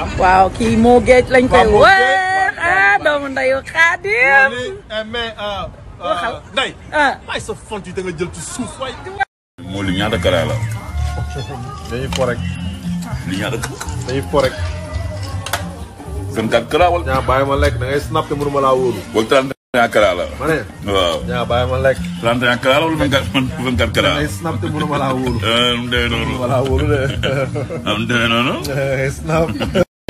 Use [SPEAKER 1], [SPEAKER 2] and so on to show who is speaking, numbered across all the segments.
[SPEAKER 1] Wow, kii moo géej lañ koy wax ah doomu ndeyu Xaadim mais Ndeye may sa font yi da nga jël ci suuf waay moo li ñaata kara la dañuy Kerala. rek li ñaata dañuy snap te mënuma laa wóolu wala trente et un kara la ma ne Kerala. ñaa bàyyi ma snap te mënuma laa wóolu am dee noonu snap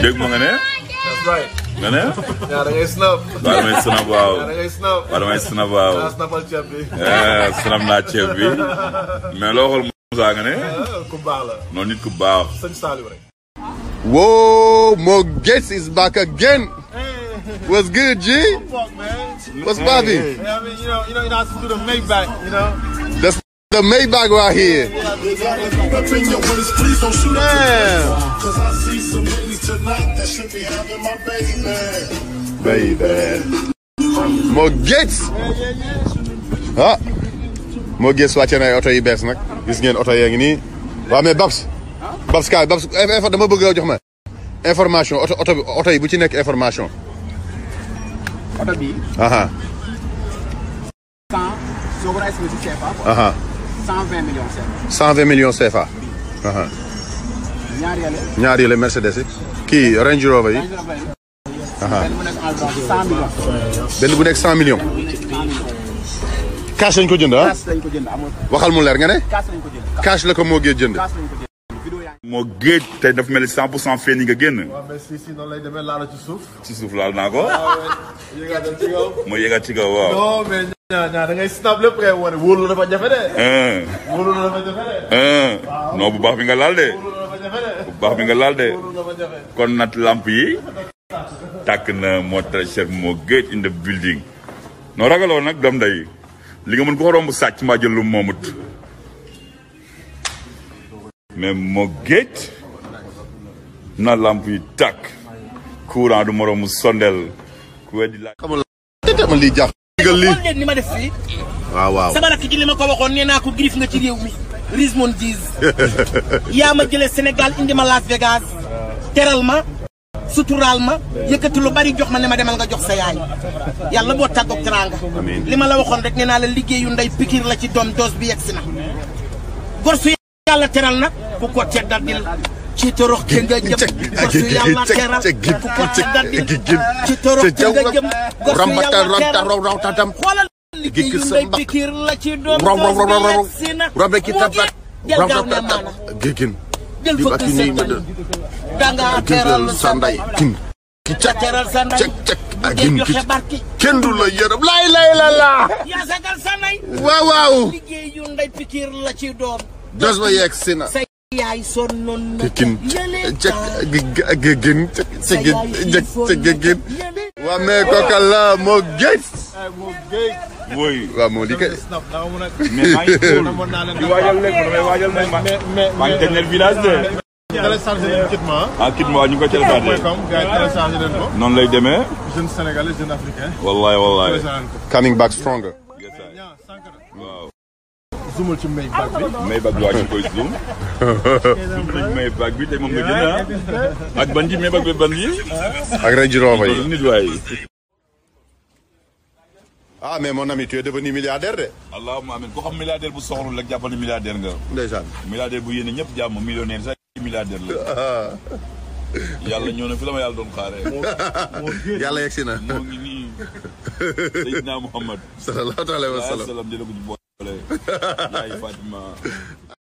[SPEAKER 1] Dig mo nga That's right. Nga ne? Yara ngay snap. Wala may snap waaw. Yara ngay snap. Wala may snap waaw. Naa snapal ceeb bi. Snap eh, naa ceeb bi. Mais loo xool Moussa nga ne? Ku la. Non Whoa, my guest is back again. Eh. What's good, G? What's poppin'? Eh, I mean, you know, you know, you know, to do the Maybach, you know. That's the Maybach right here. tonight that should be having my oto yu bees nag gis ngeen oto yaa ngi nii waaw mais Babs. Babs Kaay Babs eh, dama bëgg a ma. information oto oto bi yi bu ci nekk information. oto bi. cent soo ko doon estimé ñaari yële. ñaari kii Range Rover yi. benn bu nekk cent millions. cash lañ ko jënd ah. waxal mu leer nga ne. cash la ko moo gee jënd. moo géej tey dafa mel ni pour cent fee ni nga génn. waaw mais si si noonu ko. ma ah, yëgaat ci kaw waaw. non mais ñaa da non bu baax bi de. bah mi de kon nat lampi tak na moo cher mo geet in the building no ragalo nak dam day li nga mën ko rombu sacc ma jël lu moomut mais moo géej na lampi tak courant du moromu sondel ku wedi la xamul ma lii jàpp ndigal lii ni ma def fii waaw waaw sama rakk ki li ma ko waxon nee naa ko griff nga ci rew mi Rizmon Diz yaa ma jëlee Sénégal indi ma Las Vegas teral ma suturaal ma yëkkati lu bari jox ma ne ma demal nga jox sa yaay yàlla boo tàggoog teraanga li ma la waxoon rek nee naa la liggéeyu ndey pikir la ci doom doos bi yegg si na gor yàlla teral na ku ko teddal dil ci torox ke nga jëm gor su yàlla teral ci torox ke nga jëm gor su yàlla teral xoolal liggéeyu ndey pikir la ci doon rob si na rob ki tapak jël gaaw ne maana géegin jël fëkk sa tan danga teral sa ndey kin ki cak teral sa ndey cak cak ak gin ki kenn du la yërëm laay laay la la yaa sagal sa ndey waaw waaw liggéeyu ndey pikir la ci doon dos ba yegg si na sa yaay sonnoon na kin cak géegin cak cak géegin waa mais kooka la moo géej moo géej mooy. waaw moom lii kay. mais maa ngi xool di waajal lépp damay waajal mais mais mais maa ngi tëj village de. téléchargé nañu Kitma. ah Kitma ñu ngi koy téléchargé. téléchargé nañu ko. noonu lay demee. jeune sénégalais jeune africain.
[SPEAKER 2] wallaay wallaay. coming back stronger.
[SPEAKER 1] waaw. zoomal ci Maybach bi. Maybach bi waa ci koy zoom. zoom nañu Maybach bi te moom nga jënd ah. ak ban ji Maybach bi ban ji. ak rajo Rova yi nit waay. ah mais mon ami tu es devenu milliardaire de. allahumma amin ku xam milliardaire bu soxorul rek jàppal ni milliardaire nga. ndeysaan milliardaire bu yéene ñëpp jàmm millionnaire sax milliardaire la. yàlla ñëw na fi doon xaaree. yàlla yegsi moo ngi nii Seydina Muhammad. sallallahu alayhi wa sallam jëlee ko